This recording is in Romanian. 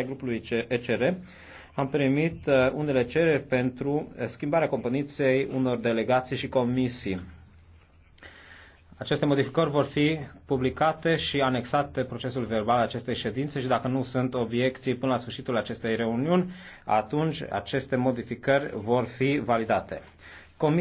grupului ECR am primit uh, unele cereri pentru uh, schimbarea componiței unor delegații și comisii. Aceste modificări vor fi publicate și anexate procesul verbal al acestei ședințe și dacă nu sunt obiecții până la sfârșitul acestei reuniuni, atunci aceste modificări vor fi validate. Comisia